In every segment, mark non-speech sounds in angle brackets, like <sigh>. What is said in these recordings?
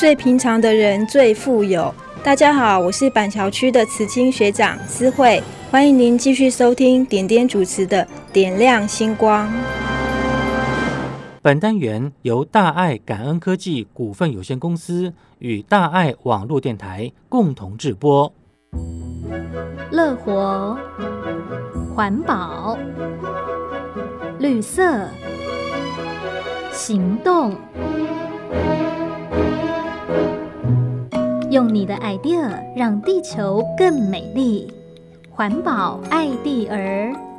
最平常的人最富有。大家好，我是板橋區的慈青學長思慧，歡迎您繼續收聽點點主持的《點亮星光》。本單元由大愛感恩科技股份有限公司與大愛網絡電台共同製播。樂活、環保、綠色、行動。用你的 idea 讓地球更美麗，環保愛地兒。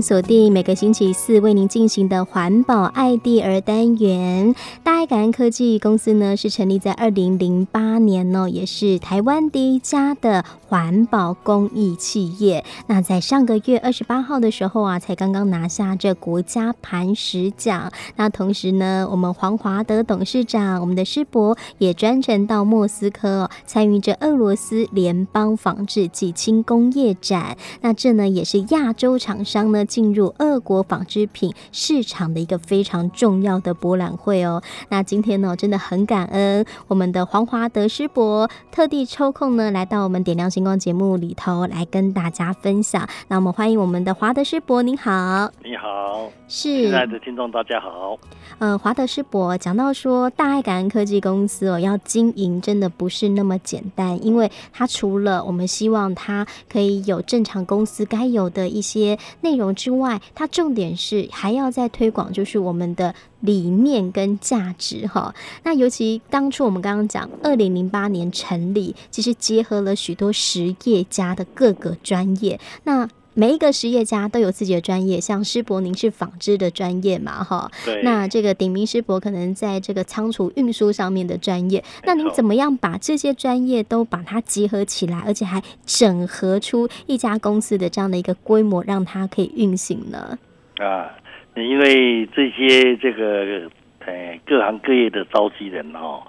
鎖定每個星期四為您進行的環保愛地兒單元。大愛感恩科技公司呢是成立在二零零八年呢，哦，也是台灣第一家的環保公益企業。那在上個月二十八號的時候啊，才剛剛拿下這國家磐石獎。那同時呢，我們黃華德董事長，我們的師伯也專程到莫斯科參與這俄羅斯聯邦紡織暨輕工業展。那這呢，也是亞洲廠商呢。進入俄國紡織品市場的一個非常重要的博覽會哦、喔。那今天呢、喔，真的很感恩我們的黃華德師伯特地抽空呢，來到我們點亮星光節目裡頭來跟大家分享。那我們歡迎我們的華德師伯，您好，你好，是親愛的聽眾大家好。呃，華德師伯講到說，大愛感恩科技公司哦、喔，要經營真的不是那麼簡單，因為它除了我們希望它可以有正常公司該有的一些內容。之外，它重點是還要再推廣，就是我們的理念跟價值哈。那尤其當初我們剛剛講，二零零八年成立，其實結合了許多實業家的各個專業。那每一個實業家都有自己的專業，像師伯您是紡織的專業嘛，哈。對。那這個鼎銘師伯可能在這個倉儲運輸上面的專業，錯那您怎麼樣把這些專業都把它結合起來，而且還整合出一家公司的這樣的一個規模，讓它可以運行呢？啊，因為這些這個呃，各行各業的召集人哈、哦，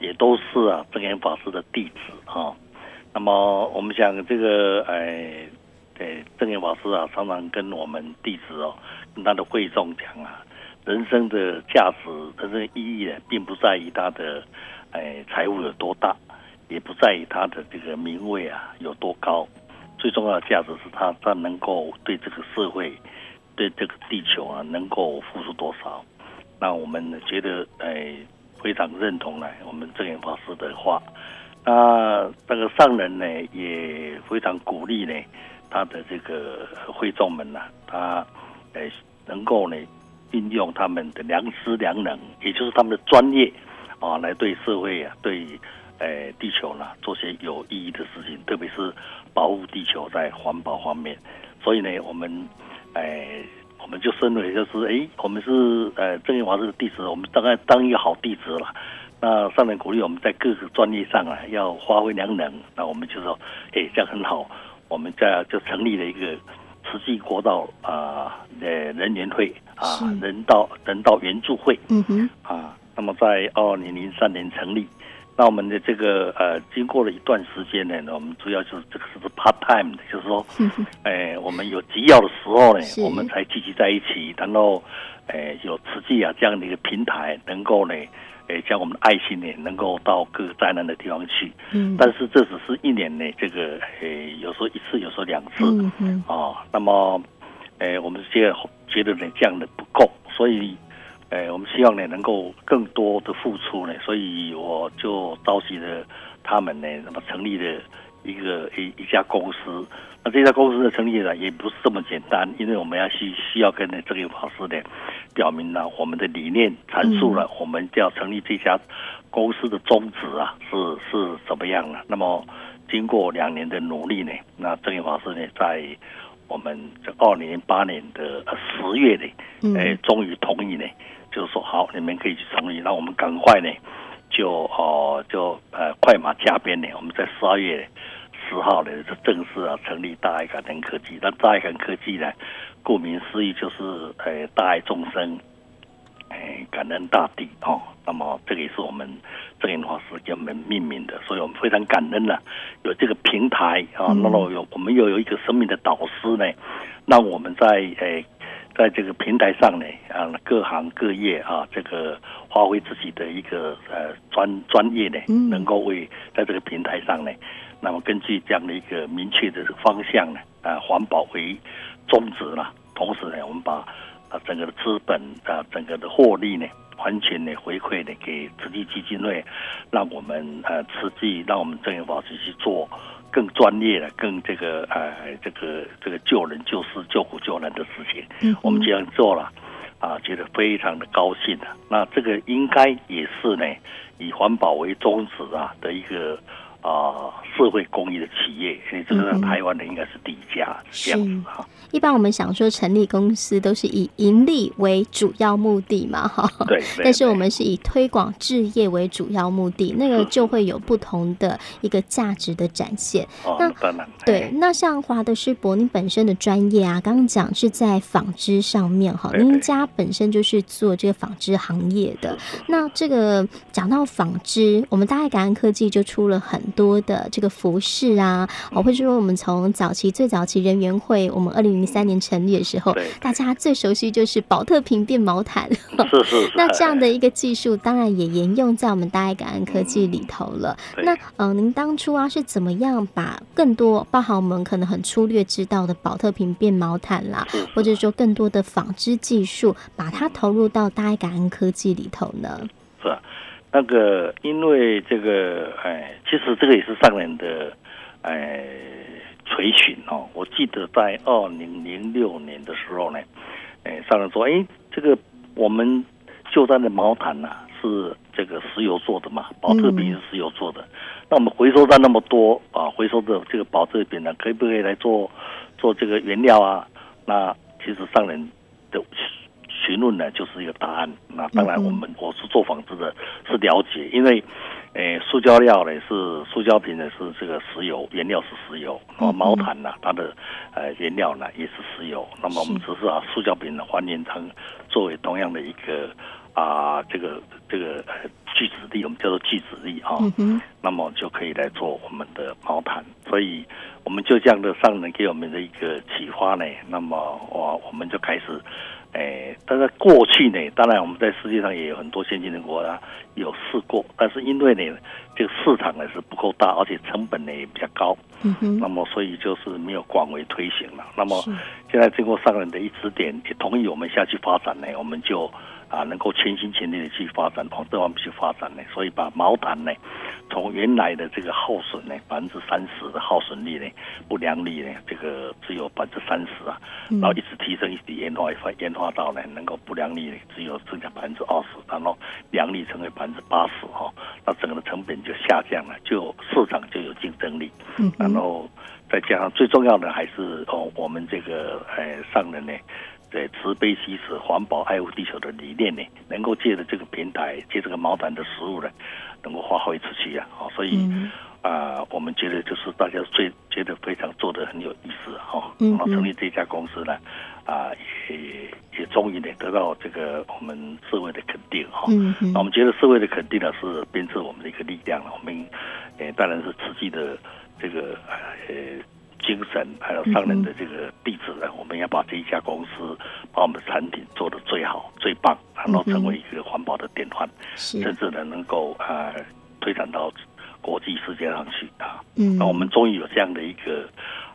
也都是啊證嚴法師的弟子哈。那麼我們想這個哎。呃對證嚴老師啊，常常跟我們弟子哦，跟他的會眾講啊，人生的價值、人生意義呢、啊，並不在於他的，哎、呃，財務有多大，也不在於他的這個名位啊有多高，最重要的價值是他他能夠對這個社會、對這個地球啊，能夠付出多少。那我們覺得哎、呃，非常認同呢，我們證嚴老師的話。那這個上人呢，也非常鼓勵呢。他的這個會眾們吶、啊，他能夠呢運用他們的良知良能，也就是他們的專業啊，來對社會啊，對誒、呃、地球呢，啊、做些有意義的事情，特別是保護地球在環保方面。所以呢，我們哎、呃、我們就認為就是哎，我們是呃鄭英華這個弟子，我們當然當一個好弟子了。那上人鼓勵我們在各個專業上啊要發揮良能，那我們就說哎，這樣很好。我們在就成立了一個慈濟國際啊的人員會是啊，人道人道援助會，嗯哼，啊，那麼在二零零三年成立，那我們的這個呃，經過了一段時間呢，我們主要就是這個是 part time 的，就是說，嗯哼是。哎、呃，我們有急要的時候呢，是我們才聚集在一起，然後哎、呃，有慈濟啊這樣的一個平台，能夠呢。誒，將我們的愛心呢，能夠到各個災難的地方去。嗯，但是這只是一年呢，這個誒、呃，有時候一次，有時候兩次。嗯啊、嗯哦，那麼，誒、呃，我們現在覺得呢這樣的不夠，所以，誒、呃，我們希望呢能夠更多的付出呢，所以我就召集了他們呢，那麼成立的。一個一一家公司，那這家公司的成立呢，也不是這麼簡單，因為我們要需需要跟證嚴法師呢表明呢我們的理念，闡述了、嗯、我們要成立這家公司的宗旨啊是是怎麼樣了？那麼經過兩年的努力呢，那證嚴法師呢在我們這二零零八年的十月呢，哎、呃、終於同意呢，就是說好，你們可以去成立。那我們趕快呢就哦、呃、就呃快馬加鞭呢，我們在十二月呢。十號呢，就正式啊成立大愛感恩科技。那大愛感恩科技呢，顧名思義就是誒，大愛眾生，誒，感恩大地哦。那麼這個也是我們證嚴法師給我們命名的，所以我們非常感恩呢，有這個平台啊，那麼有我們又有一個生命的導師呢，那我們在誒。在這個平台上呢，啊，各行各業啊，這個發揮自己的一個呃專專業呢，能夠為在這個平台上呢，那麼根據這樣的一個明確的方向呢，啊，環保為宗旨了，同時呢，我們把啊整個的資本啊整個的獲利呢，完全的回饋呢給慈濟基金會，讓我們呃慈濟，讓我們證嚴法師去做。更專業的，更這個呃這個這個救人救世救苦救難的事情，我們這樣做了，啊，覺得非常的高興的。那這個應該也是呢，以環保為宗旨啊的一個啊社會公益的企業，所以這個台灣的應該是第一家嗯嗯是這樣子啊。一般我們想說成立公司都是以盈利為主要目的嘛，哈，對。但是我們是以推廣志業，為主要目的，那個就會有不同的一個價值的展現。哦、那對對。對對，那像華德師伯，你本身的專業啊，剛剛講是在紡織上面哈，對您家本身就是做這個紡織行業的。對那這個講到紡織，我們大愛感恩科技就出了很多的這個服飾啊，哦、嗯，或者說我們從早期最早期人員會，我們二零。零三年成立的時候，對對對，大家最熟悉就是寶特瓶變毛毯。 <laughs> 是是是 <laughs> 那這樣的一個技術，當然也沿用在我們大愛感恩科技裡頭了。嗯，那嗯、呃，您當初啊是怎麼樣把更多包含我們可能很粗略知道的寶特瓶變毛毯啦，是是，或者說更多的紡織技術，把它投入到大愛感恩科技裡頭呢？是啊，那個因為這個，哎，其實這個也是上人的，哎。垂尋哦，我記得在二零零六年的時候呢，哎，上人說：“哎，這個我們就在的毛毯吶、啊，是這個石油做的嘛，寶特瓶是石油做的。嗯、那我們回收到那麼多啊，回收的這個寶特瓶呢，可以不可以來做做這個原料啊？”那其實上人都。評論呢就是一個答案。那當然，我們、嗯、哼我是做紡織的，是了解，因為，呃，塑膠料呢，是塑膠瓶呢是這個石油原料，是石油。那麼毛毯呢、啊，嗯、哼它的，呃，原料呢也是石油。那麼我們只是把、啊、塑膠瓶呢還原成作為同樣的一個是啊這個這個呃聚酯粒，我們叫做聚酯粒啊。嗯、哼那麼就可以來做我們的毛毯。所以我們就這樣的上人給我們的一個啟發呢，那麼我我們就開始。哎，但在過去呢，當然我們在世界上也有很多先進的國家，有試過，但是因為呢，這個市場呢是不夠大，而且成本呢也比較高，嗯哼，那麼所以就是沒有廣為推行了。那麼現在經過上人的一指點，也同意我們下去發展呢，我們就。啊，能夠全心全力的去發展，往這方面去發展呢，所以把毛毯呢，從原來的這個耗損呢，百分之三十的耗損率呢，不良率呢，這個只有百分之三十啊，然後一直提升，一直研發，研發到呢，能夠不良率呢只有增加百分之二十，然後良率成為百分之八十哈，那整個成本就下降了，就市場就有競爭力，嗯，然後再加上最重要的還是哦，我們這個呃上、欸、人呢。對慈悲喜捨，環保愛護地球的理念呢，能夠借着這個平台，借這個毛毯的食物呢，能夠發揮出去啊！好，所以啊、嗯哼呃，我們覺得就是大家最覺得非常做得很有意思哈。嗯、哦、成立這家公司呢，啊、呃，也也終於呢得到這個我們社會的肯定哈。哦、嗯哼那我們覺得社會的肯定呢，是鞭策我們的一個力量了。我們，呃、當然是刺激的這個呃。精神還有上人的這個意志呢，嗯、哼我們要把這一家公司，把我們的產品做得最好最棒，然後成為一個環保的典範，嗯、哼甚至呢能夠啊、呃、推展到國際世界上去、啊、嗯那我們終於有這樣的一個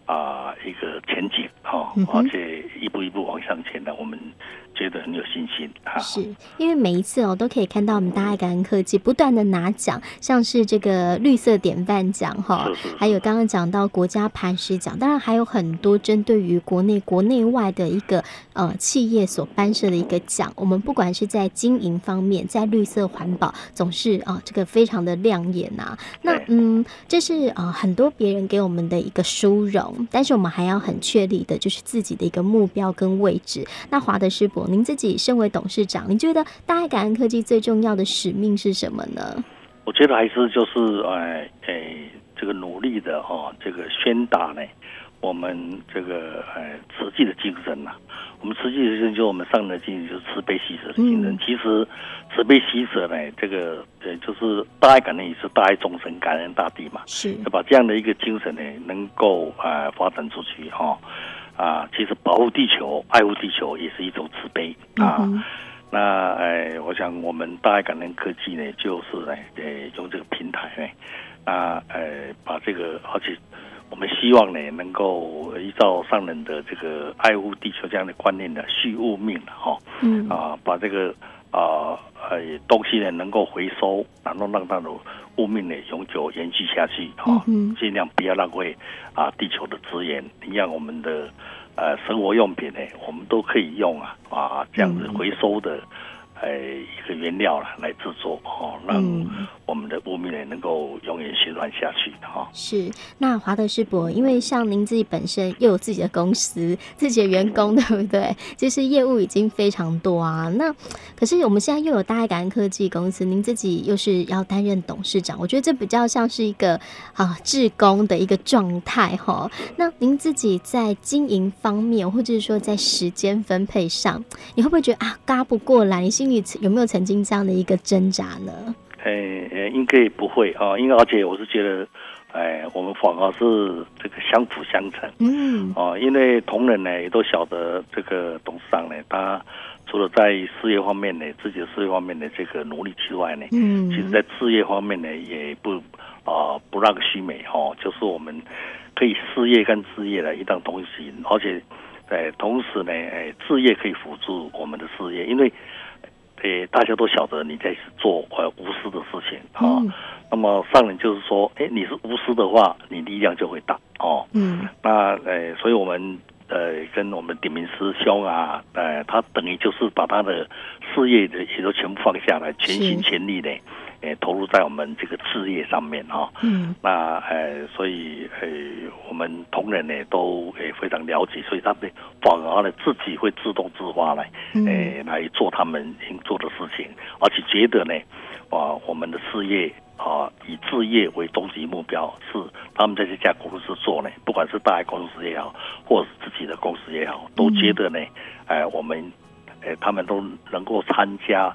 啊、呃、一個前景哈，而、啊、且一步一步往上前呢、啊，我們。覺得很有信心、啊、是因為每一次哦，都可以看到我們大愛感恩科技不斷的拿獎，像是這個綠色典範獎哈，是是是還有剛剛講到國家磐石獎，當然還有很多針對於國內國內外的一個呃企業所頒設的一個獎，我們不管是在經營方面，在綠色環保，總是啊、呃、這個非常的亮眼吶、啊。那對嗯，這是呃很多別人給我們的一個殊榮，但是我們還要很確立的就是自己的一個目標跟位置。那華德師伯。您自己身為董事長，你覺得大愛感恩科技最重要的使命是什麼呢？我覺得還是就是哎哎、呃呃，這個努力的哈、哦，這個宣達呢、呃，我們這個哎慈濟的精神吶、啊，我們慈濟的精神就我們上的精神就是，就是慈悲喜捨的精神。嗯、其實慈悲喜捨呢，這個呃就是大愛感恩也是大愛眾生感恩大地嘛，是就把這樣的一個精神呢，能夠呃發展出去哈。哦啊，其實保護地球、愛護地球也是一種慈悲啊。Uh huh. 那哎、欸，我想我們大愛感恩科技呢，就是呢，呃、欸，用這個平台呢、欸，啊，呃、欸，把這個，而且我們希望呢，能夠依照上人的這個愛護地球這樣的觀念呢，續物命了哈。嗯、uh huh. 啊，把這個啊呃東西呢，能夠回收，然後讓他們。壽命呢，嗯、永久延續下去啊！盡量不要浪費啊！地球的資源，讓我們的呃生活用品呢、啊，我們都可以用啊啊這樣子回收的呃一個原料來製作哦、啊，讓、嗯。我們的物命能夠永遠循環下去，哈、哦。是，那華德師伯，因為像您自己本身又有自己的公司、自己的員工，對不對？其實 <laughs> 業務已經非常多啊。那可是我們現在又有大愛感恩科技公司，您自己又是要擔任董事長，我覺得這比較像是一個啊，志工的一個狀態，哈、哦。那您自己在經營方面，或者是說在時間分配上，你會不會覺得啊，嘎不過來？你心裡有沒有曾經這樣的一個掙扎呢？嘿。應該不會啊，因為而且我是覺得，哎，我們反而，啊、是這個相輔相成，嗯，啊，因為同仁呢也都曉得這個董事長呢，他除了在事業方面呢自己的事業方面的這個努力之外呢，嗯，其實在志業方面呢也不啊不讓鬚眉哈，就是我們可以事業跟志業的一檔同行，而且哎，同時呢，哎，志業可以輔助我們的事業，因為。大家都曉得你在做呃無私的事情啊、嗯哦。那麼上人就是說，哎、欸，你是無私的話，你力量就會大哦。嗯，那呃，所以我們呃跟我們點名師兄啊，呃，他等於就是把他的事業的也都全部放下來，全心全力的。誒，投入在我們這個事業上面哈、哦，嗯，那誒、呃，所以誒、呃，我們同仁呢都也、呃、非常了解，所以他們反而呢自己會自動自發來誒、呃、來做他們應做的事情，嗯、而且覺得呢，啊、呃，我們的事業啊、呃、以事業為終極目標，是他們在這家公司做呢，不管是大公司也好，或者是自己的公司也好，都覺得呢，哎、呃，我們、呃、他們都能夠參加。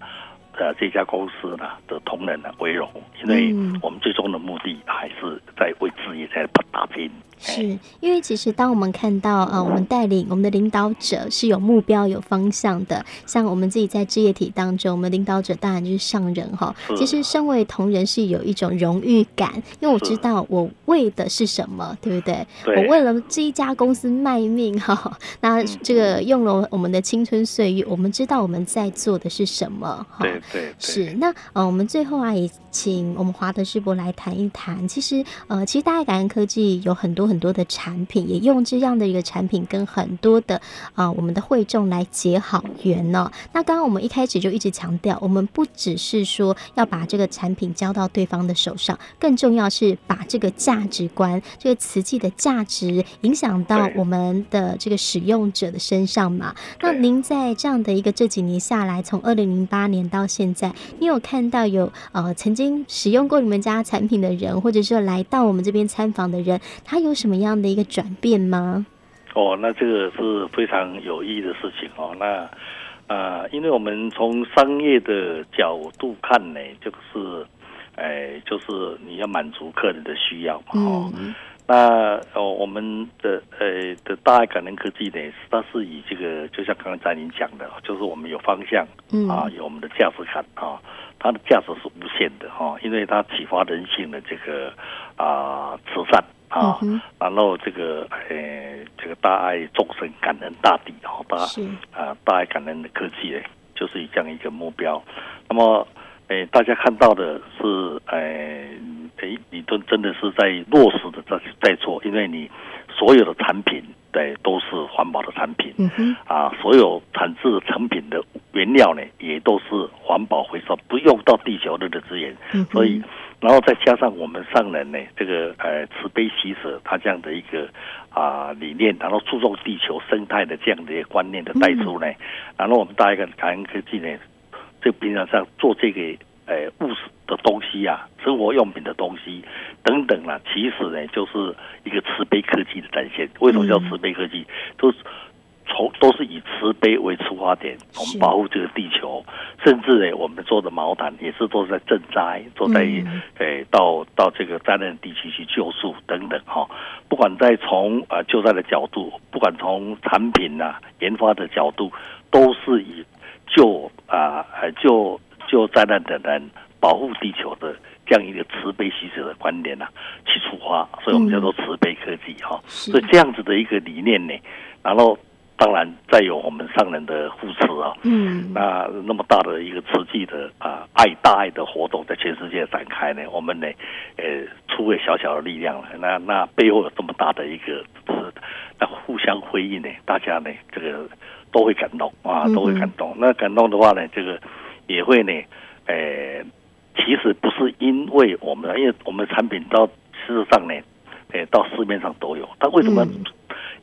呃，這家公司呢的同仁呢為榮，因為我們最終的目的還是在為自己在打打拼。是因為其實，當我們看到啊、呃，我們帶領我們的領導者是有目標、有方向的。像我們自己在志業體當中，我們領導者當然就是上人哈。其實身為同仁是有一種榮譽感，因為我知道我為的是什麼，是對不對？對我為了這一家公司賣命哈。那這個用了我們的青春歲月，我們知道我們在做的是什麼哈。對，對，對，是那呃，我們最後啊，也請我們華德師伯來談一談。其實呃，其實大愛感恩科技有很多。很多的產品，也用這樣的一個產品跟很多的啊、呃、我們的會眾來結好緣呢、哦。那剛剛我們一開始就一直強調，我們不只是說要把這個產品交到對方的手上，更重要是把這個價值觀、這個慈濟的價值影響到我們的這個使用者的身上嘛。那您在這樣的一個這幾年下來，從二零零八年到現在，你有看到有呃曾經使用過你們家產品的人，或者說來到我們這邊參訪的人，他有。什麼樣的一個轉變嗎？哦，那這個是非常有意義的事情哦。那呃，因為我們從商業的角度看呢，就是，哎、呃，就是你要滿足客人的需要嘛。嗯、哦，那哦，我們的呃的大愛感恩科技呢，它是以這個，就像剛才您講的，就是我們有方向啊、呃，有我們的價值感啊、呃，它的價值是無限的哈、呃，因為它啟發人性的這個啊、呃、慈善。啊，嗯、哼然後這個誒、呃，這個大愛眾生、感恩大地，好、啊、吧？是啊，大愛感恩的科技嘞，就是這樣一個目標。那麼，誒、呃，大家看到的是，誒、呃，哎、呃，你都真的是在落實的在在做，因為你所有的產品對、呃、都是環保的產品，嗯哼，啊，所有產製成品的原料呢，也都是環保回收，不用到地球的的資源，嗯、哼所以。然後再加上我們上人呢，這個呃慈悲喜舍他這樣的一個啊、呃、理念，然後注重地球生態的這樣的一個觀念的帶出呢，嗯嗯然後我們大愛感恩科技呢，就平常上做這個呃物質的東西啊，生活用品的東西等等啦、啊，其實呢就是一個慈悲科技的展現。為什麼叫慈悲科技？嗯嗯就是。都是以慈悲為出發點，我們是保護這個地球，甚至呢，我們做的毛毯也是做在賑災，做在誒，嗯、到到這個災難地區去救助等等哈。不管在從啊救災的角度，不管從產品啊研發的角度，都是以救啊、呃，救救災難的人，保護地球的這樣一個慈悲喜舍的觀點呢去出發。所以，我們叫做慈悲科技哈。嗯、所以這樣子的一個理念呢，然後。當然，再有我們上人的扶持啊，嗯，那那麼大的一個慈濟的啊愛大愛的活動在全世界展開呢，我們呢，呃，出個小小的力量了，那那背後有這麼大的一個，就是、那互相回應呢，大家呢，這個都會感動啊，都會感動。嗯、那感動的話呢，這個也會呢，誒、呃，其實不是因為我們，因為我們的產品到事實上呢，誒、呃，到市面上都有，它為什麼、嗯？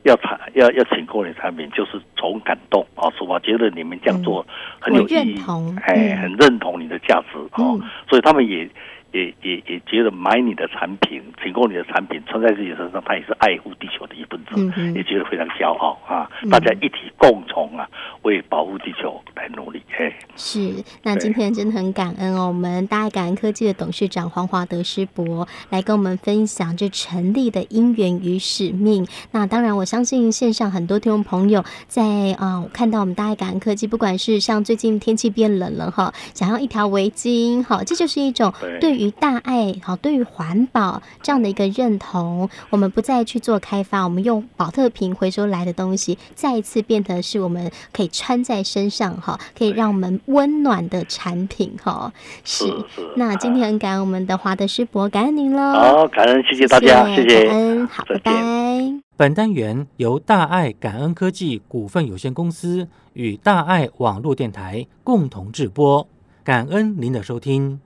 要產要要請過你的產品，就是從感動啊，是我覺得你們這樣做很有意義，嗯、同哎，嗯、很認同你的價值啊，嗯、所以他們也。也也也覺得買你的產品，成功你的產品穿在自己身上，他也是愛護地球的一份子，嗯、哼也覺得非常驕傲啊！嗯、大家一體共同啊，為保護地球來努力。嘿、哎，是，那今天真的很感恩哦，我們大愛感恩科技的董事長黃華德師伯來跟我們分享這成立的因緣與使命。那當然，我相信線上很多聽眾朋友在啊、哦，看到我們大愛感恩科技，不管是像最近天氣變冷了哈，想要一條圍巾哈，這就是一種對於。對於大愛哈，對於環保這樣的一個認同，我們不再去做開發，我們用寶特瓶回收來的東西，再一次變得是我們可以穿在身上哈，可以讓我們溫暖的產品哈。是，是，是。那今天很感恩我們的華德師伯，感恩您嘍。好，感恩，謝謝大家，謝謝，感恩，拜拜。本單元由大愛感恩科技股份有限公司與大愛網絡電台共同制播，感恩您的收聽。